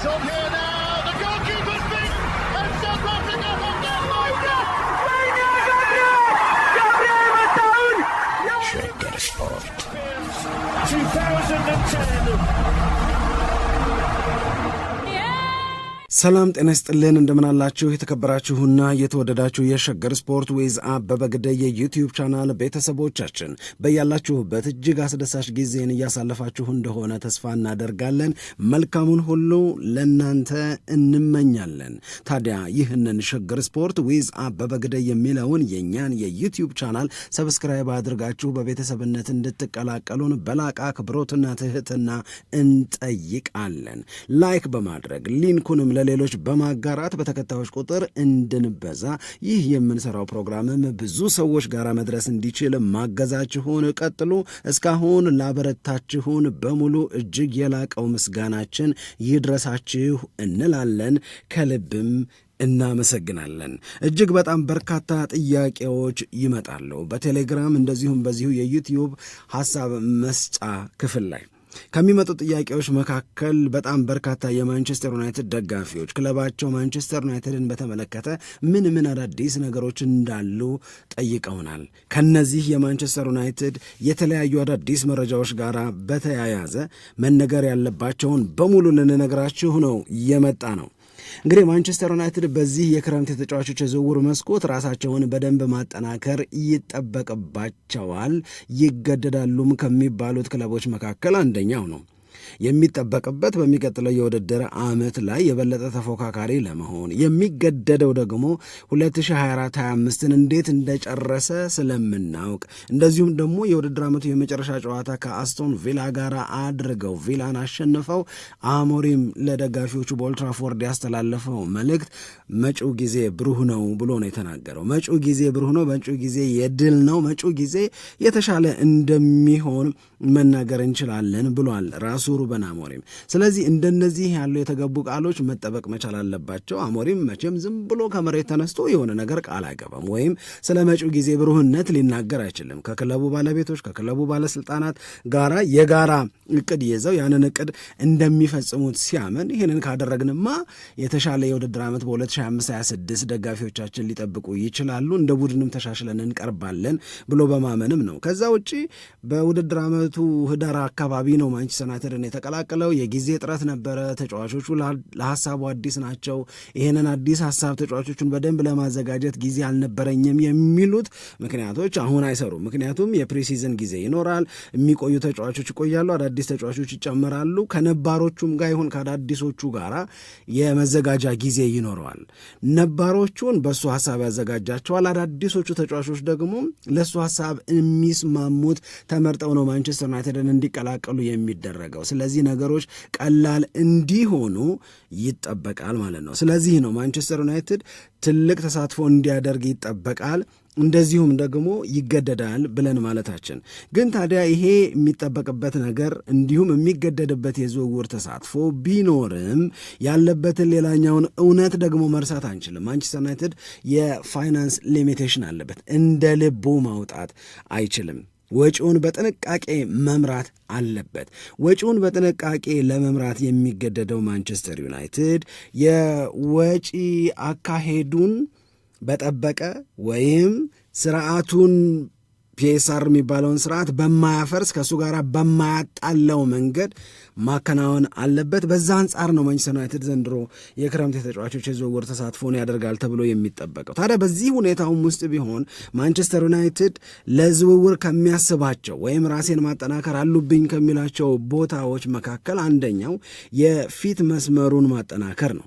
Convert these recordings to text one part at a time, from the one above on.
It's okay. ሰላም ጤና ይስጥልን፣ እንደምናላችሁ የተከበራችሁና የተወደዳችሁ የሸገር ስፖርት ዊዝ አበበ ግደይ የዩትዩብ ቻናል ቤተሰቦቻችን በያላችሁበት እጅግ አስደሳች ጊዜን እያሳለፋችሁ እንደሆነ ተስፋ እናደርጋለን። መልካሙን ሁሉ ለናንተ እንመኛለን። ታዲያ ይህንን ሸገር ስፖርት ዊዝ አበበ ግደይ የሚለውን የእኛን የዩትዩብ ቻናል ሰብስክራይብ አድርጋችሁ በቤተሰብነት እንድትቀላቀሉን በላቃ አክብሮትና ትህትና እንጠይቃለን። ላይክ በማድረግ ሊንኩንም ለሌሎች በማጋራት በተከታዮች ቁጥር እንድንበዛ ይህ የምንሰራው ፕሮግራምም ብዙ ሰዎች ጋር መድረስ እንዲችል ማገዛችሁን ቀጥሉ። እስካሁን ላበረታችሁን በሙሉ እጅግ የላቀው ምስጋናችን ይድረሳችሁ እንላለን ከልብም እናመሰግናለን። እጅግ በጣም በርካታ ጥያቄዎች ይመጣሉ በቴሌግራም እንደዚሁም በዚሁ የዩትዩብ ሀሳብ መስጫ ክፍል ላይ ከሚመጡ ጥያቄዎች መካከል በጣም በርካታ የማንቸስተር ዩናይትድ ደጋፊዎች ክለባቸው ማንቸስተር ዩናይትድን በተመለከተ ምን ምን አዳዲስ ነገሮች እንዳሉ ጠይቀውናል። ከነዚህ የማንቸስተር ዩናይትድ የተለያዩ አዳዲስ መረጃዎች ጋር በተያያዘ መነገር ያለባቸውን በሙሉ ልንነግራችሁ ነው የመጣ ነው። እንግዲህ ማንቸስተር ዩናይትድ በዚህ የክረምት የተጫዋቾች የዝውውር መስኮት ራሳቸውን በደንብ ማጠናከር ይጠበቅባቸዋል፣ ይገደዳሉም ከሚባሉት ክለቦች መካከል አንደኛው ነው። የሚጠበቅበት በሚቀጥለው የውድድር ዓመት ላይ የበለጠ ተፎካካሪ ለመሆን የሚገደደው ደግሞ 2024/25ን እንዴት እንደጨረሰ ስለምናውቅ እንደዚሁም ደግሞ የውድድር ዓመቱ የመጨረሻ ጨዋታ ከአስቶን ቪላ ጋር አድርገው ቪላን አሸንፈው አሞሪም ለደጋፊዎቹ በኦልትራፎርድ ያስተላለፈው መልእክት መጪው ጊዜ ብሩህ ነው ብሎ ነው የተናገረው። መጪው ጊዜ ብሩህ ነው፣ መጪው ጊዜ የድል ነው፣ መጪው ጊዜ የተሻለ እንደሚሆን መናገር እንችላለን ብሏል ራሱ ሩበን አሞሪም። ስለዚህ እንደነዚህ ያሉ የተገቡ ቃሎች መጠበቅ መቻል አለባቸው። አሞሪም መቼም ዝም ብሎ ከመሬት ተነስቶ የሆነ ነገር ቃል አይገባም ወይም ስለ መጪው ጊዜ ብሩህነት ሊናገር አይችልም። ከክለቡ ባለቤቶች ከክለቡ ባለስልጣናት ጋራ የጋራ እቅድ ይዘው ያንን እቅድ እንደሚፈጽሙት ሲያምን ይህንን ካደረግንማ የተሻለ የውድድር ዓመት በ2025/26 ደጋፊዎቻችን ሊጠብቁ ይችላሉ፣ እንደ ቡድንም ተሻሽለን እንቀርባለን ብሎ በማመንም ነው። ከዛ ውጪ በውድድር ዓመ በዓመቱ ህዳር አካባቢ ነው ማንቸስተር ዩናይትድን የተቀላቀለው። የጊዜ ጥረት ነበረ። ተጫዋቾቹ ለሀሳቡ አዲስ ናቸው። ይህንን አዲስ ሀሳብ ተጫዋቾቹን በደንብ ለማዘጋጀት ጊዜ አልነበረኝም የሚሉት ምክንያቶች አሁን አይሰሩም። ምክንያቱም የፕሪሲዝን ጊዜ ይኖራል። የሚቆዩ ተጫዋቾች ይቆያሉ፣ አዳዲስ ተጫዋቾች ይጨምራሉ። ከነባሮቹም ጋር ይሁን ከአዳዲሶቹ ጋራ የመዘጋጃ ጊዜ ይኖረዋል። ነባሮቹን በእሱ ሀሳብ ያዘጋጃቸዋል። አዳዲሶቹ ተጫዋቾች ደግሞ ለእሱ ሀሳብ የሚስማሙት ተመርጠው ነው ማንቸስተር ማንቸስተር ዩናይትድን እንዲቀላቀሉ የሚደረገው። ስለዚህ ነገሮች ቀላል እንዲሆኑ ይጠበቃል ማለት ነው። ስለዚህ ነው ማንቸስተር ዩናይትድ ትልቅ ተሳትፎ እንዲያደርግ ይጠበቃል፣ እንደዚሁም ደግሞ ይገደዳል ብለን ማለታችን። ግን ታዲያ ይሄ የሚጠበቅበት ነገር እንዲሁም የሚገደድበት የዝውውር ተሳትፎ ቢኖርም ያለበትን ሌላኛውን እውነት ደግሞ መርሳት አንችልም። ማንቸስተር ዩናይትድ የፋይናንስ ሊሚቴሽን አለበት። እንደ ልቡ ማውጣት አይችልም። ወጪውን በጥንቃቄ መምራት አለበት። ወጪውን በጥንቃቄ ለመምራት የሚገደደው ማንቸስተር ዩናይትድ የወጪ አካሄዱን በጠበቀ ወይም ስርዓቱን ፒኤስአር የሚባለውን ስርዓት በማያፈርስ ከእሱ ጋር በማያጣለው መንገድ ማከናወን አለበት። በዛ አንጻር ነው ማንቸስተር ዩናይትድ ዘንድሮ የክረምት የተጫዋቾች የዝውውር ተሳትፎን ያደርጋል ተብሎ የሚጠበቀው። ታዲያ በዚህ ሁኔታውም ውስጥ ቢሆን ማንቸስተር ዩናይትድ ለዝውውር ከሚያስባቸው ወይም ራሴን ማጠናከር አሉብኝ ከሚላቸው ቦታዎች መካከል አንደኛው የፊት መስመሩን ማጠናከር ነው።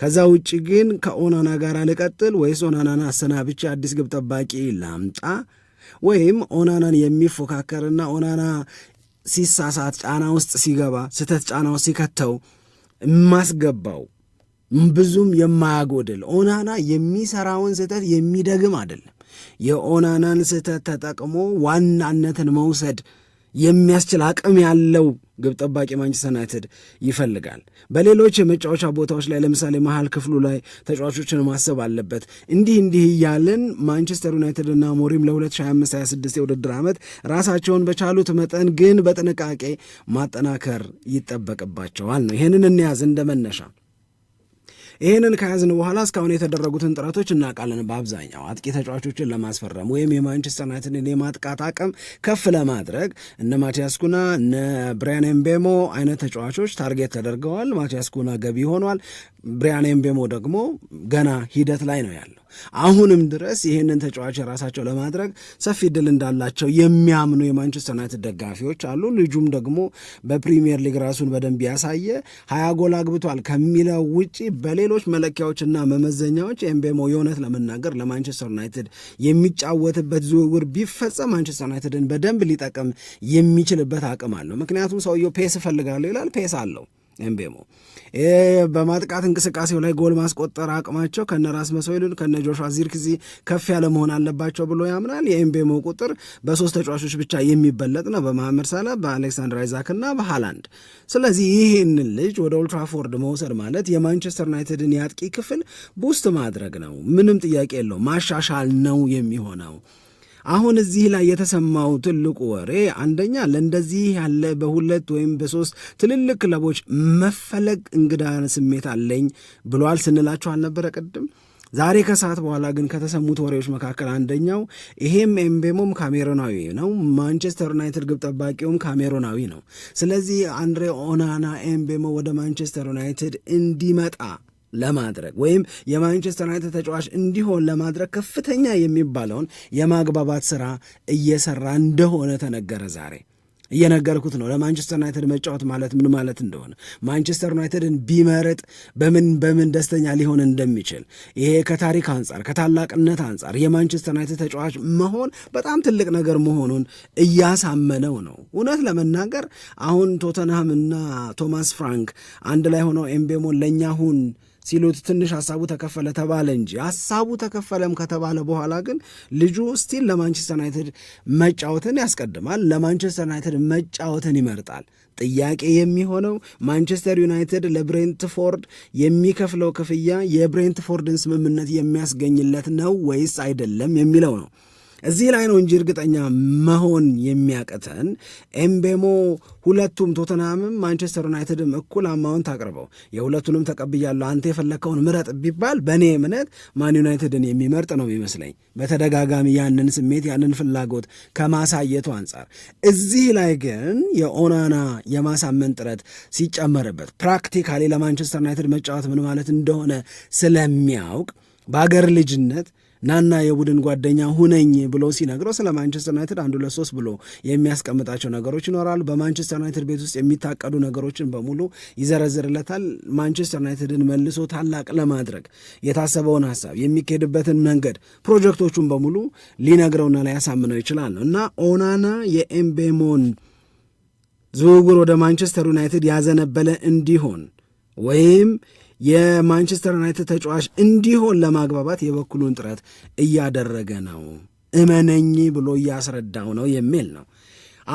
ከዛ ውጭ ግን ከኦናና ጋር ልቀጥል ወይስ ኦናናን አሰናብቼ አዲስ ግብ ጠባቂ ላምጣ ወይም ኦናናን የሚፎካከርና ኦናና ሲሳሳት ጫና ውስጥ ሲገባ ስህተት ጫና ውስጥ ሲከተው የማስገባው ብዙም የማያጎድል ኦናና የሚሰራውን ስህተት የሚደግም አይደለም። የኦናናን ስህተት ተጠቅሞ ዋናነትን መውሰድ የሚያስችል አቅም ያለው ግብ ጠባቂ ማንቸስተር ዩናይትድ ይፈልጋል። በሌሎች የመጫወቻ ቦታዎች ላይ ለምሳሌ መሀል ክፍሉ ላይ ተጫዋቾችን ማሰብ አለበት። እንዲህ እንዲህ እያልን ማንቸስተር ዩናይትድ እና ሞሪም ለ2025/26 የውድድር ዓመት ራሳቸውን በቻሉት መጠን ግን በጥንቃቄ ማጠናከር ይጠበቅባቸዋል ነው። ይህንን እንያዝ እንደ መነሻ። ይህንን ከያዝን በኋላ እስካሁን የተደረጉትን ጥረቶች እናውቃለን። በአብዛኛው አጥቂ ተጫዋቾችን ለማስፈረም ወይም የማንቸስተር ዩናይትድን የማጥቃት አቅም ከፍ ለማድረግ እነ ማቲያስ ኩና እነ ብሪያን ኤምቤሞ አይነት ተጫዋቾች ታርጌት ተደርገዋል። ማቲያስ ኩና ገቢ ሆኗል። ብሪያን ኤምቤሞ ደግሞ ገና ሂደት ላይ ነው ያለው። አሁንም ድረስ ይህንን ተጫዋች የራሳቸው ለማድረግ ሰፊ ድል እንዳላቸው የሚያምኑ የማንቸስተር ዩናይትድ ደጋፊዎች አሉ። ልጁም ደግሞ በፕሪሚየር ሊግ ራሱን በደንብ ያሳየ ሀያ ጎል አግብቷል ከሚለው ውጪ በሌሎች መለኪያዎችና መመዘኛዎች ኤምቤሞ የእውነት ለመናገር ለማንቸስተር ዩናይትድ የሚጫወትበት ዝውውር ቢፈጸም ማንቸስተር ዩናይትድን በደንብ ሊጠቅም የሚችልበት አቅም አለው። ምክንያቱም ሰውየው ፔስ እፈልጋለሁ ይላል፣ ፔስ አለው። ኤምቤሞ በማጥቃት እንቅስቃሴው ላይ ጎል ማስቆጠር አቅማቸው ከነ ራስመስ ሆይሉንድ ከነ ጆሹዋ ዚርክዚ ከፍ ያለ መሆን አለባቸው ብሎ ያምናል። የኤምቤሞ ቁጥር በሶስት ተጫዋቾች ብቻ የሚበለጥ ነው፣ በመሐመድ ሳላ፣ በአሌክሳንድር አይዛክ እና በሃላንድ። ስለዚህ ይህንን ልጅ ወደ ኦልትራፎርድ መውሰድ ማለት የማንቸስተር ዩናይትድን የአጥቂ ክፍል ቡስት ማድረግ ነው። ምንም ጥያቄ የለው፣ ማሻሻል ነው የሚሆነው አሁን እዚህ ላይ የተሰማው ትልቁ ወሬ አንደኛ ለእንደዚህ ያለ በሁለት ወይም በሶስት ትልልቅ ክለቦች መፈለግ እንግዳ ስሜት አለኝ ብሏል ስንላችሁ አልነበረ ቅድም? ዛሬ ከሰዓት በኋላ ግን ከተሰሙት ወሬዎች መካከል አንደኛው ይሄም ኤምቤሞም ካሜሮናዊ ነው። ማንቸስተር ዩናይትድ ግብ ጠባቂውም ካሜሮናዊ ነው። ስለዚህ አንድሬ ኦናና ኤምቤሞ ወደ ማንቸስተር ዩናይትድ እንዲመጣ ለማድረግ ወይም የማንቸስተር ዩናይትድ ተጫዋች እንዲሆን ለማድረግ ከፍተኛ የሚባለውን የማግባባት ስራ እየሰራ እንደሆነ ተነገረ። ዛሬ እየነገርኩት ነው ለማንቸስተር ዩናይትድ መጫወት ማለት ምን ማለት እንደሆነ፣ ማንቸስተር ዩናይትድን ቢመርጥ በምን በምን ደስተኛ ሊሆን እንደሚችል ይሄ ከታሪክ አንጻር ከታላቅነት አንጻር የማንቸስተር ዩናይትድ ተጫዋች መሆን በጣም ትልቅ ነገር መሆኑን እያሳመነው ነው። እውነት ለመናገር አሁን ቶተንሃምና ቶማስ ፍራንክ አንድ ላይ ሆነው ኤምቤሞን ለእኛ ሁን ሲሉት ትንሽ ሀሳቡ ተከፈለ ተባለ እንጂ ሀሳቡ ተከፈለም ከተባለ በኋላ ግን ልጁ ስቲል ለማንቸስተር ዩናይትድ መጫወትን ያስቀድማል። ለማንቸስተር ዩናይትድ መጫወትን ይመርጣል። ጥያቄ የሚሆነው ማንቸስተር ዩናይትድ ለብሬንትፎርድ የሚከፍለው ክፍያ የብሬንትፎርድን ስምምነት የሚያስገኝለት ነው ወይስ አይደለም የሚለው ነው። እዚህ ላይ ነው እንጂ እርግጠኛ መሆን የሚያቅተን። ኤምቤሞ ሁለቱም ቶተናምም ማንቸስተር ዩናይትድም እኩል አማውንት አቅርበው የሁለቱንም ተቀብያለሁ አንተ የፈለግከውን ምረጥ ቢባል በእኔ እምነት ማን ዩናይትድን የሚመርጥ ነው የሚመስለኝ በተደጋጋሚ ያንን ስሜት ያንን ፍላጎት ከማሳየቱ አንጻር። እዚህ ላይ ግን የኦናና የማሳመን ጥረት ሲጨመርበት ፕራክቲካሊ ለማንቸስተር ዩናይትድ መጫወት ምን ማለት እንደሆነ ስለሚያውቅ በአገር ልጅነት ናና የቡድን ጓደኛ ሁነኝ ብሎ ሲነግረው ስለ ማንቸስተር ዩናይትድ አንዱ ለሶስት ብሎ የሚያስቀምጣቸው ነገሮች ይኖራሉ። በማንቸስተር ዩናይትድ ቤት ውስጥ የሚታቀዱ ነገሮችን በሙሉ ይዘረዝርለታል። ማንቸስተር ዩናይትድን መልሶ ታላቅ ለማድረግ የታሰበውን ሀሳብ የሚካሄድበትን መንገድ ፕሮጀክቶቹን በሙሉ ሊነግረውና ሊያሳምነው ይችላል ነው እና ኦናና የኤምቤሞን ዝውውር ወደ ማንቸስተር ዩናይትድ ያዘነበለ እንዲሆን ወይም የማንቸስተር ዩናይትድ ተጫዋች እንዲሆን ለማግባባት የበኩሉን ጥረት እያደረገ ነው፣ እመነኝ ብሎ እያስረዳው ነው የሚል ነው።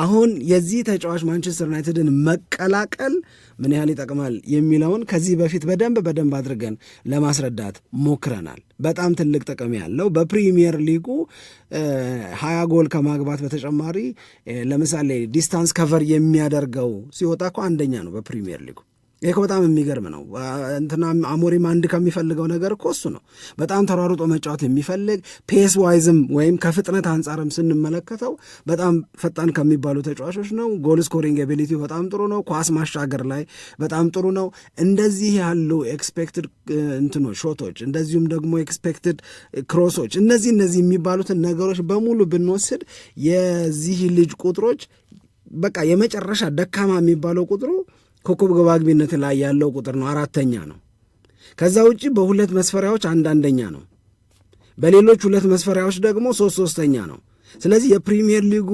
አሁን የዚህ ተጫዋች ማንቸስተር ዩናይትድን መቀላቀል ምን ያህል ይጠቅማል የሚለውን ከዚህ በፊት በደንብ በደንብ አድርገን ለማስረዳት ሞክረናል። በጣም ትልቅ ጥቅም ያለው በፕሪሚየር ሊጉ ሀያ ጎል ከማግባት በተጨማሪ ለምሳሌ ዲስታንስ ከቨር የሚያደርገው ሲወጣ እኮ አንደኛ ነው በፕሪሚየር ሊጉ ይህ እኮ በጣም የሚገርም ነው። እንትና አሞሪም አንድ ከሚፈልገው ነገር እኮ እሱ ነው። በጣም ተሯሩጦ መጫወት የሚፈልግ ፔስ ዋይዝም ወይም ከፍጥነት አንጻርም ስንመለከተው በጣም ፈጣን ከሚባሉ ተጫዋቾች ነው። ጎል ስኮሪንግ ኤቢሊቲ በጣም ጥሩ ነው። ኳስ ማሻገር ላይ በጣም ጥሩ ነው። እንደዚህ ያሉ ኤክስፔክትድ እንትኖ ሾቶች፣ እንደዚሁም ደግሞ ኤክስፔክትድ ክሮሶች፣ እነዚህ እነዚህ የሚባሉትን ነገሮች በሙሉ ብንወስድ የዚህ ልጅ ቁጥሮች በቃ የመጨረሻ ደካማ የሚባለው ቁጥሩ ኮከብ ግብ አግቢነት ላይ ያለው ቁጥር ነው፣ አራተኛ ነው። ከዛ ውጭ በሁለት መስፈሪያዎች አንዳንደኛ ነው። በሌሎች ሁለት መስፈሪያዎች ደግሞ ሶስት ሶስተኛ ነው። ስለዚህ የፕሪሚየር ሊጉ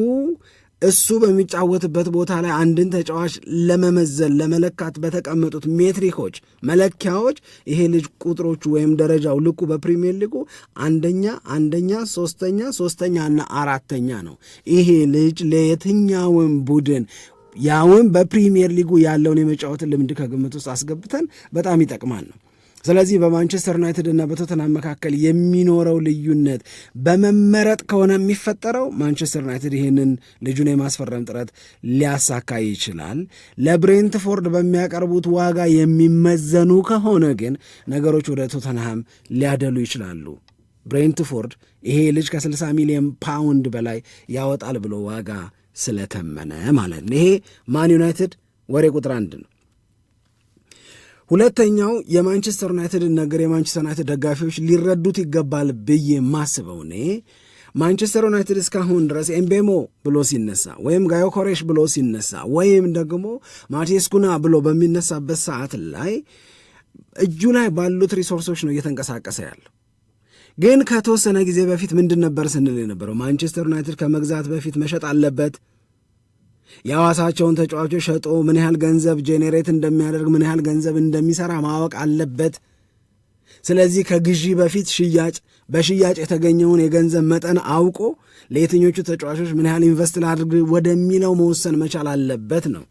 እሱ በሚጫወትበት ቦታ ላይ አንድን ተጫዋች ለመመዘን ለመለካት በተቀመጡት ሜትሪኮች መለኪያዎች ይሄ ልጅ ቁጥሮቹ ወይም ደረጃው ልኩ በፕሪሚየር ሊጉ አንደኛ፣ አንደኛ፣ ሶስተኛ፣ ሶስተኛና አራተኛ ነው። ይሄ ልጅ ለየትኛውም ቡድን ያውን በፕሪሚየር ሊጉ ያለውን የመጫወትን ልምድ ከግምት ውስጥ አስገብተን በጣም ይጠቅማል ነው። ስለዚህ በማንቸስተር ዩናይትድ እና በቶተናም መካከል የሚኖረው ልዩነት በመመረጥ ከሆነ የሚፈጠረው ማንቸስተር ዩናይትድ ይህንን ልጁን የማስፈረም ጥረት ሊያሳካ ይችላል። ለብሬንትፎርድ በሚያቀርቡት ዋጋ የሚመዘኑ ከሆነ ግን ነገሮች ወደ ቶተንሃም ሊያደሉ ይችላሉ። ብሬንትፎርድ ይሄ ልጅ ከ60 ሚሊዮን ፓውንድ በላይ ያወጣል ብሎ ዋጋ ስለተመነ ማለት ነው። ይሄ ማን ዩናይትድ ወሬ ቁጥር አንድ ነው። ሁለተኛው የማንቸስተር ዩናይትድ ነገር የማንቸስተር ዩናይትድ ደጋፊዎች ሊረዱት ይገባል ብዬ ማስበው እኔ ማንቸስተር ዩናይትድ እስካሁን ድረስ ኤምቤሞ ብሎ ሲነሳ ወይም ጋዮ ኮሬሽ ብሎ ሲነሳ ወይም ደግሞ ማቴስ ኩና ብሎ በሚነሳበት ሰዓት ላይ እጁ ላይ ባሉት ሪሶርሶች ነው እየተንቀሳቀሰ ያለው። ግን ከተወሰነ ጊዜ በፊት ምንድን ነበር ስንል የነበረው? ማንቸስተር ዩናይትድ ከመግዛት በፊት መሸጥ አለበት። የሐዋሳቸውን ተጫዋቾች ሸጦ ምን ያህል ገንዘብ ጄኔሬት እንደሚያደርግ ምን ያህል ገንዘብ እንደሚሰራ ማወቅ አለበት። ስለዚህ ከግዢ በፊት ሽያጭ በሽያጭ የተገኘውን የገንዘብ መጠን አውቆ ለየትኞቹ ተጫዋቾች ምን ያህል ኢንቨስት ላድርግ ወደሚለው መወሰን መቻል አለበት ነው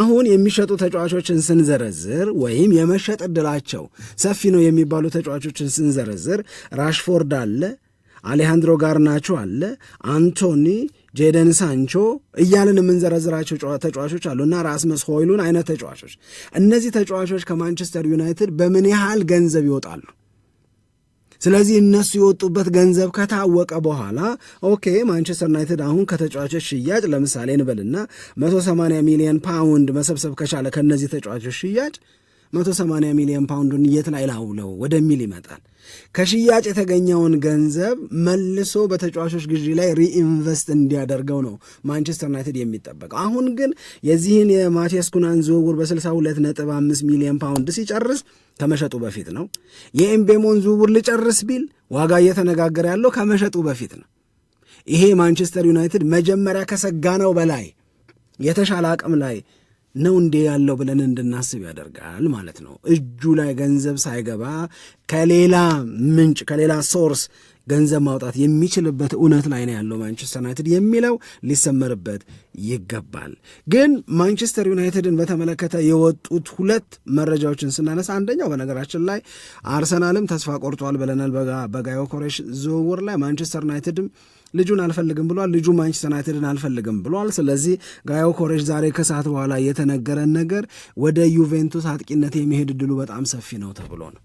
አሁን የሚሸጡ ተጫዋቾችን ስንዘረዝር ወይም የመሸጥ ዕድላቸው ሰፊ ነው የሚባሉ ተጫዋቾችን ስንዘረዝር ራሽፎርድ አለ፣ አሌሃንድሮ ጋርናቾ አለ፣ አንቶኒ ጄደን ሳንቾ እያልን የምንዘረዝራቸው ተጫዋቾች አሉና ራስመስ ሆይሉን አይነት ተጫዋቾች። እነዚህ ተጫዋቾች ከማንቸስተር ዩናይትድ በምን ያህል ገንዘብ ይወጣሉ? ስለዚህ እነሱ የወጡበት ገንዘብ ከታወቀ በኋላ ኦኬ ማንቸስተር ዩናይትድ አሁን ከተጫዋቾች ሽያጭ ለምሳሌ እንበልና 180 ሚሊዮን ፓውንድ መሰብሰብ ከቻለ ከነዚህ ተጫዋቾች ሽያጭ 180 ሚሊዮን ፓውንዱን የት ላይ ላውለው ወደሚል ይመጣል። ከሽያጭ የተገኘውን ገንዘብ መልሶ በተጫዋቾች ግዢ ላይ ሪኢንቨስት እንዲያደርገው ነው ማንቸስተር ዩናይትድ የሚጠበቀው። አሁን ግን የዚህን የማቲያስ ኩናን ዝውውር በ62.5 ሚሊዮን ፓውንድ ሲጨርስ ከመሸጡ በፊት ነው። የኤምቤሞን ዝውውር ልጨርስ ቢል ዋጋ እየተነጋገረ ያለው ከመሸጡ በፊት ነው። ይሄ ማንቸስተር ዩናይትድ መጀመሪያ ከሰጋ ነው በላይ የተሻለ አቅም ላይ ነው እንዴ ያለው ብለን እንድናስብ ያደርጋል ማለት ነው። እጁ ላይ ገንዘብ ሳይገባ ከሌላ ምንጭ ከሌላ ሶርስ ገንዘብ ማውጣት የሚችልበት እውነት ላይ ነው ያለው ማንቸስተር ዩናይትድ የሚለው ሊሰመርበት ይገባል። ግን ማንቸስተር ዩናይትድን በተመለከተ የወጡት ሁለት መረጃዎችን ስናነሳ፣ አንደኛው በነገራችን ላይ አርሰናልም ተስፋ ቆርጧል ብለናል በጋዮ ኮሬሽ ዝውውር ላይ ማንቸስተር ዩናይትድም ልጁን አልፈልግም ብሏል። ልጁ ማንቸስተር ዩናይትድን አልፈልግም ብሏል። ስለዚህ ጋዮ ኮሬሽ ዛሬ ከሰዓት በኋላ የተነገረን ነገር ወደ ዩቬንቱስ አጥቂነት የሚሄድ እድሉ በጣም ሰፊ ነው ተብሎ ነው።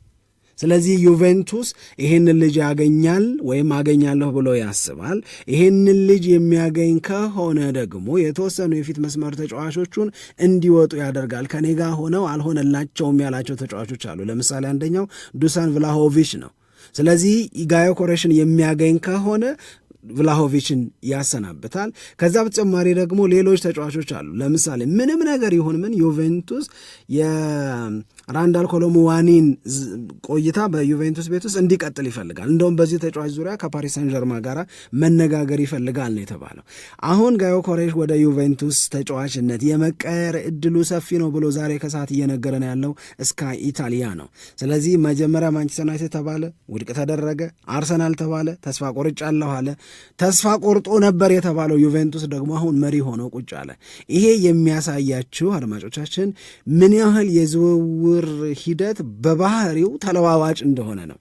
ስለዚህ ዩቬንቱስ ይህንን ልጅ ያገኛል ወይም አገኛለሁ ብሎ ያስባል። ይህንን ልጅ የሚያገኝ ከሆነ ደግሞ የተወሰኑ የፊት መስመር ተጫዋቾቹን እንዲወጡ ያደርጋል። ከኔ ጋ ሆነው አልሆነላቸውም ያላቸው ተጫዋቾች አሉ። ለምሳሌ አንደኛው ዱሳን ቭላሆቪች ነው። ስለዚህ ጋዮ ኮሬሽን የሚያገኝ ከሆነ ቭላሆቪችን ያሰናብታል። ከዛ በተጨማሪ ደግሞ ሌሎች ተጫዋቾች አሉ። ለምሳሌ ምንም ነገር ይሁን ምን ዩቬንቱስ ራንዳል ኮሎሙዋኒን ቆይታ በዩቬንቱስ ቤት ውስጥ እንዲቀጥል ይፈልጋል። እንደውም በዚህ ተጫዋች ዙሪያ ከፓሪስ ሳን ጀርማ ጋር መነጋገር ይፈልጋል ነው የተባለው። አሁን ጋዮ ኮሬሽ ወደ ዩቬንቱስ ተጫዋችነት የመቀየር እድሉ ሰፊ ነው ብሎ ዛሬ ከሰዓት እየነገረን ያለው ስካይ ኢታሊያ ነው። ስለዚህ መጀመሪያ ማንቸስተር ዩናይትድ ተባለ፣ ውድቅ ተደረገ። አርሰናል ተባለ፣ ተስፋ ቆርጫለሁ አለ። ተስፋ ቆርጦ ነበር የተባለው ዩቬንቱስ ደግሞ አሁን መሪ ሆኖ ቁጭ አለ። ይሄ የሚያሳያችሁ አድማጮቻችን ምን ያህል የዝውውር የዝውውር ሂደት በባህሪው ተለዋዋጭ እንደሆነ ነው።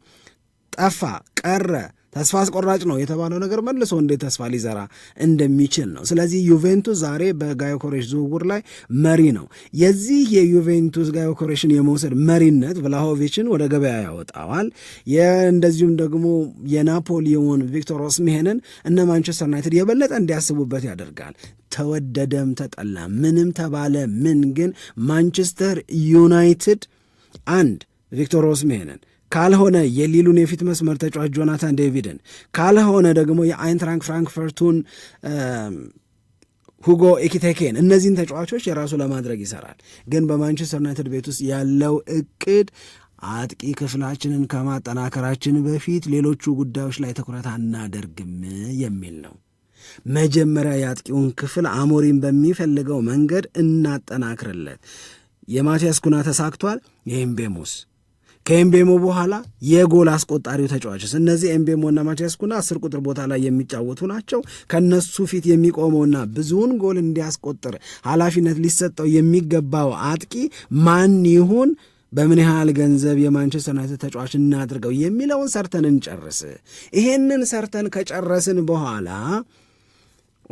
ጠፋ፣ ቀረ፣ ተስፋ አስቆራጭ ነው የተባለው ነገር መልሶ እንዴት ተስፋ ሊዘራ እንደሚችል ነው። ስለዚህ ዩቬንቱስ ዛሬ በጋዮ ኮሬሽ ዝውውር ላይ መሪ ነው። የዚህ የዩቬንቱስ ጋዮ ኮሬሽን የመውሰድ መሪነት ቭላሆቪችን ወደ ገበያ ያወጣዋል። እንደዚሁም ደግሞ የናፖሊዮን ቪክቶር ኦስሜሄንን እነ ማንቸስተር ዩናይትድ የበለጠ እንዲያስቡበት ያደርጋል። ተወደደም ተጠላ ምንም ተባለ ምን ግን ማንቸስተር ዩናይትድ አንድ ቪክቶር ኦስሜሄንን ካልሆነ የሊሉን የፊት መስመር ተጫዋች ጆናታን ዴቪድን ካልሆነ ደግሞ የአይንትራንክ ፍራንክፈርቱን ሁጎ ኤኪቴኬን እነዚህን ተጫዋቾች የራሱ ለማድረግ ይሰራል። ግን በማንቸስተር ዩናይትድ ቤት ውስጥ ያለው እቅድ አጥቂ ክፍላችንን ከማጠናከራችን በፊት ሌሎቹ ጉዳዮች ላይ ትኩረት አናደርግም የሚል ነው። መጀመሪያ የአጥቂውን ክፍል አሞሪም በሚፈልገው መንገድ እናጠናክርለት። የማቲያስ ኩና ተሳክቷል። የኤምቤሞስ ከኤምቤሞ በኋላ የጎል አስቆጣሪው ተጫዋችስ? እነዚህ ኤምቤሞ እና ማቲያስ ኩና አስር ቁጥር ቦታ ላይ የሚጫወቱ ናቸው። ከነሱ ፊት የሚቆመውና ብዙውን ጎል እንዲያስቆጥር ኃላፊነት ሊሰጠው የሚገባው አጥቂ ማን ይሁን? በምን ያህል ገንዘብ የማንቸስተር ዩናይትድ ተጫዋች እናድርገው የሚለውን ሰርተን እንጨርስ። ይሄንን ሰርተን ከጨረስን በኋላ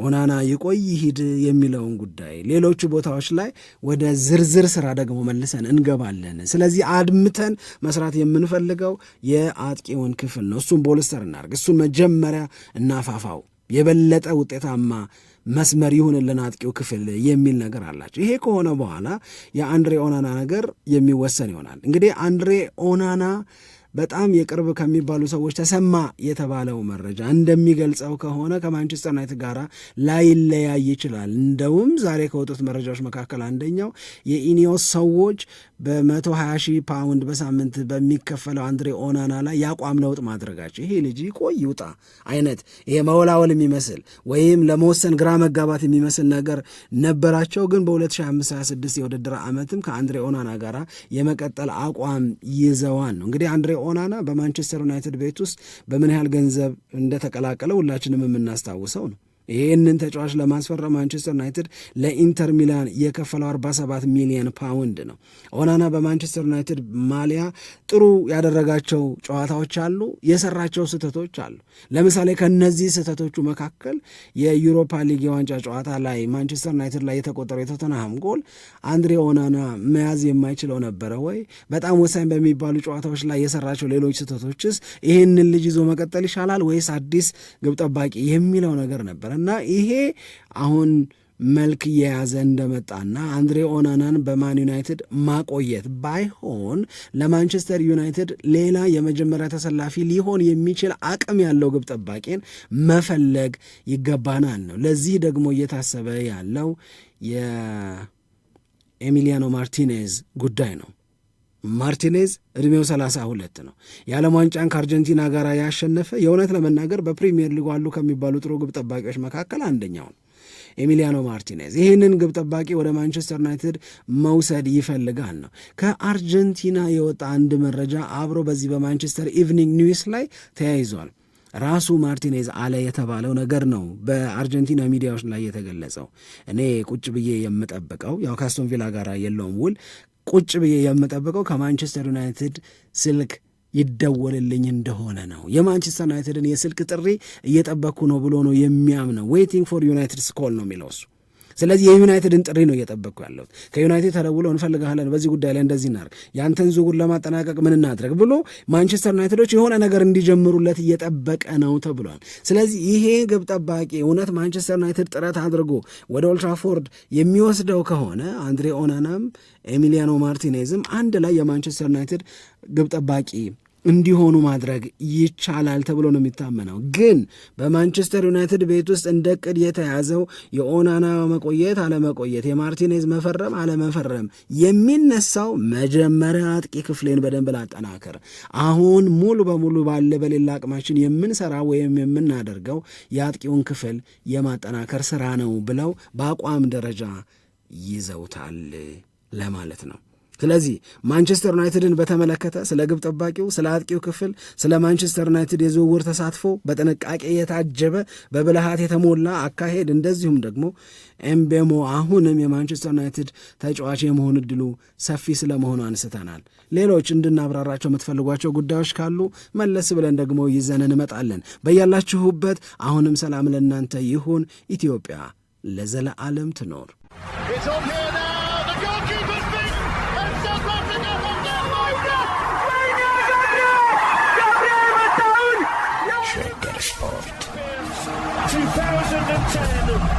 ኦናና ይቆይ ይሂድ የሚለውን ጉዳይ ሌሎቹ ቦታዎች ላይ ወደ ዝርዝር ስራ ደግሞ መልሰን እንገባለን። ስለዚህ አድምተን መስራት የምንፈልገው የአጥቂውን ክፍል ነው። እሱን ቦልስተር እናርግ፣ እሱን መጀመሪያ እናፋፋው፣ የበለጠ ውጤታማ መስመር ይሁንልን አጥቂው ክፍል የሚል ነገር አላቸው። ይሄ ከሆነ በኋላ የአንድሬ ኦናና ነገር የሚወሰን ይሆናል። እንግዲህ አንድሬ ኦናና በጣም የቅርብ ከሚባሉ ሰዎች ተሰማ የተባለው መረጃ እንደሚገልጸው ከሆነ ከማንቸስተር ዩናይትድ ጋር ላይለያይ ይችላል። እንደውም ዛሬ ከወጡት መረጃዎች መካከል አንደኛው የኢኒዮስ ሰዎች በ120 ፓውንድ በሳምንት በሚከፈለው አንድሬ ኦናና ላይ የአቋም ለውጥ ማድረጋቸው ይሄ ልጅ ቆይ ይውጣ አይነት ይሄ መወላወል የሚመስል ወይም ለመወሰን ግራ መጋባት የሚመስል ነገር ነበራቸው። ግን በ 2025 የውድድር ዓመትም ከአንድሬ ኦናና ጋር የመቀጠል አቋም ይዘዋል ነው እንግዲህ አንድሬ ኦናና በማንቸስተር ዩናይትድ ቤት ውስጥ በምን ያህል ገንዘብ እንደተቀላቀለ ሁላችንም የምናስታውሰው ነው። ይህንን ተጫዋች ለማስፈረም ማንቸስተር ዩናይትድ ለኢንተር ሚላን የከፈለው 47 ሚሊዮን ፓውንድ ነው። ኦናና በማንቸስተር ዩናይትድ ማሊያ ጥሩ ያደረጋቸው ጨዋታዎች አሉ፣ የሰራቸው ስህተቶች አሉ። ለምሳሌ ከነዚህ ስህተቶቹ መካከል የዩሮፓ ሊግ የዋንጫ ጨዋታ ላይ ማንቸስተር ዩናይትድ ላይ የተቆጠረው የቶተንሃም ጎል አንድሬ ኦናና መያዝ የማይችለው ነበረ ወይ? በጣም ወሳኝ በሚባሉ ጨዋታዎች ላይ የሰራቸው ሌሎች ስህተቶችስ ይህንን ልጅ ይዞ መቀጠል ይሻላል ወይስ አዲስ ግብ ጠባቂ የሚለው ነገር ነበረ። እና ይሄ አሁን መልክ እየያዘ እንደመጣና አንድሬ ኦናናን በማን ዩናይትድ ማቆየት ባይሆን ለማንቸስተር ዩናይትድ ሌላ የመጀመሪያ ተሰላፊ ሊሆን የሚችል አቅም ያለው ግብ ጠባቂን መፈለግ ይገባናል ነው። ለዚህ ደግሞ እየታሰበ ያለው የኤሚሊያኖ ማርቲኔዝ ጉዳይ ነው። ማርቲኔዝ ዕድሜው 32 ነው። የዓለም ዋንጫን ከአርጀንቲና ጋር ያሸነፈ የእውነት ለመናገር በፕሪሚየር ሊጉ አሉ ከሚባሉ ጥሩ ግብ ጠባቂዎች መካከል አንደኛው ነው ኤሚሊያኖ ማርቲኔዝ። ይህንን ግብ ጠባቂ ወደ ማንቸስተር ዩናይትድ መውሰድ ይፈልጋል ነው ከአርጀንቲና የወጣ አንድ መረጃ አብሮ በዚህ በማንቸስተር ኢቭኒንግ ኒውስ ላይ ተያይዟል። ራሱ ማርቲኔዝ አለ የተባለው ነገር ነው በአርጀንቲና ሚዲያዎች ላይ የተገለጸው። እኔ ቁጭ ብዬ የምጠብቀው ያው ካስቶንቪላ ጋር የለውም ውል ቁጭ ብዬ የምጠብቀው ከማንቸስተር ዩናይትድ ስልክ ይደወልልኝ እንደሆነ ነው። የማንቸስተር ዩናይትድን የስልክ ጥሪ እየጠበቅኩ ነው ብሎ ነው የሚያምነው። ዌይቲንግ ፎር ዩናይትድ ስኮል ነው የሚለው እሱ። ስለዚህ የዩናይትድን ጥሪ ነው እየጠበቅኩ ያለሁት። ከዩናይትድ ተደውለው እንፈልግሃለን፣ በዚህ ጉዳይ ላይ እንደዚህ እናድርግ፣ ያንተን ዝውውር ለማጠናቀቅ ምን እናድርግ ብሎ ማንቸስተር ዩናይትዶች የሆነ ነገር እንዲጀምሩለት እየጠበቀ ነው ተብሏል። ስለዚህ ይሄ ግብ ጠባቂ እውነት ማንቸስተር ዩናይትድ ጥረት አድርጎ ወደ ኦልትራፎርድ የሚወስደው ከሆነ አንድሬ ኦናናም ኤሚሊያኖ ማርቲኔዝም አንድ ላይ የማንቸስተር ዩናይትድ ግብ ጠባቂ እንዲሆኑ ማድረግ ይቻላል ተብሎ ነው የሚታመነው። ግን በማንቸስተር ዩናይትድ ቤት ውስጥ እንደ ቅድ የተያዘው የኦናና መቆየት አለመቆየት፣ የማርቲኔዝ መፈረም አለመፈረም የሚነሳው መጀመሪያ አጥቂ ክፍሌን በደንብ ላጠናከር፣ አሁን ሙሉ በሙሉ ባለ በሌላ አቅማችን የምንሰራ ወይም የምናደርገው የአጥቂውን ክፍል የማጠናከር ስራ ነው ብለው በአቋም ደረጃ ይዘውታል ለማለት ነው። ስለዚህ ማንቸስተር ዩናይትድን በተመለከተ ስለ ግብ ጠባቂው፣ ስለ አጥቂው ክፍል፣ ስለ ማንቸስተር ዩናይትድ የዝውውር ተሳትፎ በጥንቃቄ የታጀበ በብልሃት የተሞላ አካሄድ፣ እንደዚሁም ደግሞ ኤምቤሞ አሁንም የማንቸስተር ዩናይትድ ተጫዋች የመሆን እድሉ ሰፊ ስለመሆኑ አንስተናል። ሌሎች እንድናብራራቸው የምትፈልጓቸው ጉዳዮች ካሉ መለስ ብለን ደግሞ ይዘን እንመጣለን። በያላችሁበት አሁንም ሰላም ለእናንተ ይሁን። ኢትዮጵያ ለዘለዓለም ትኖር። 10,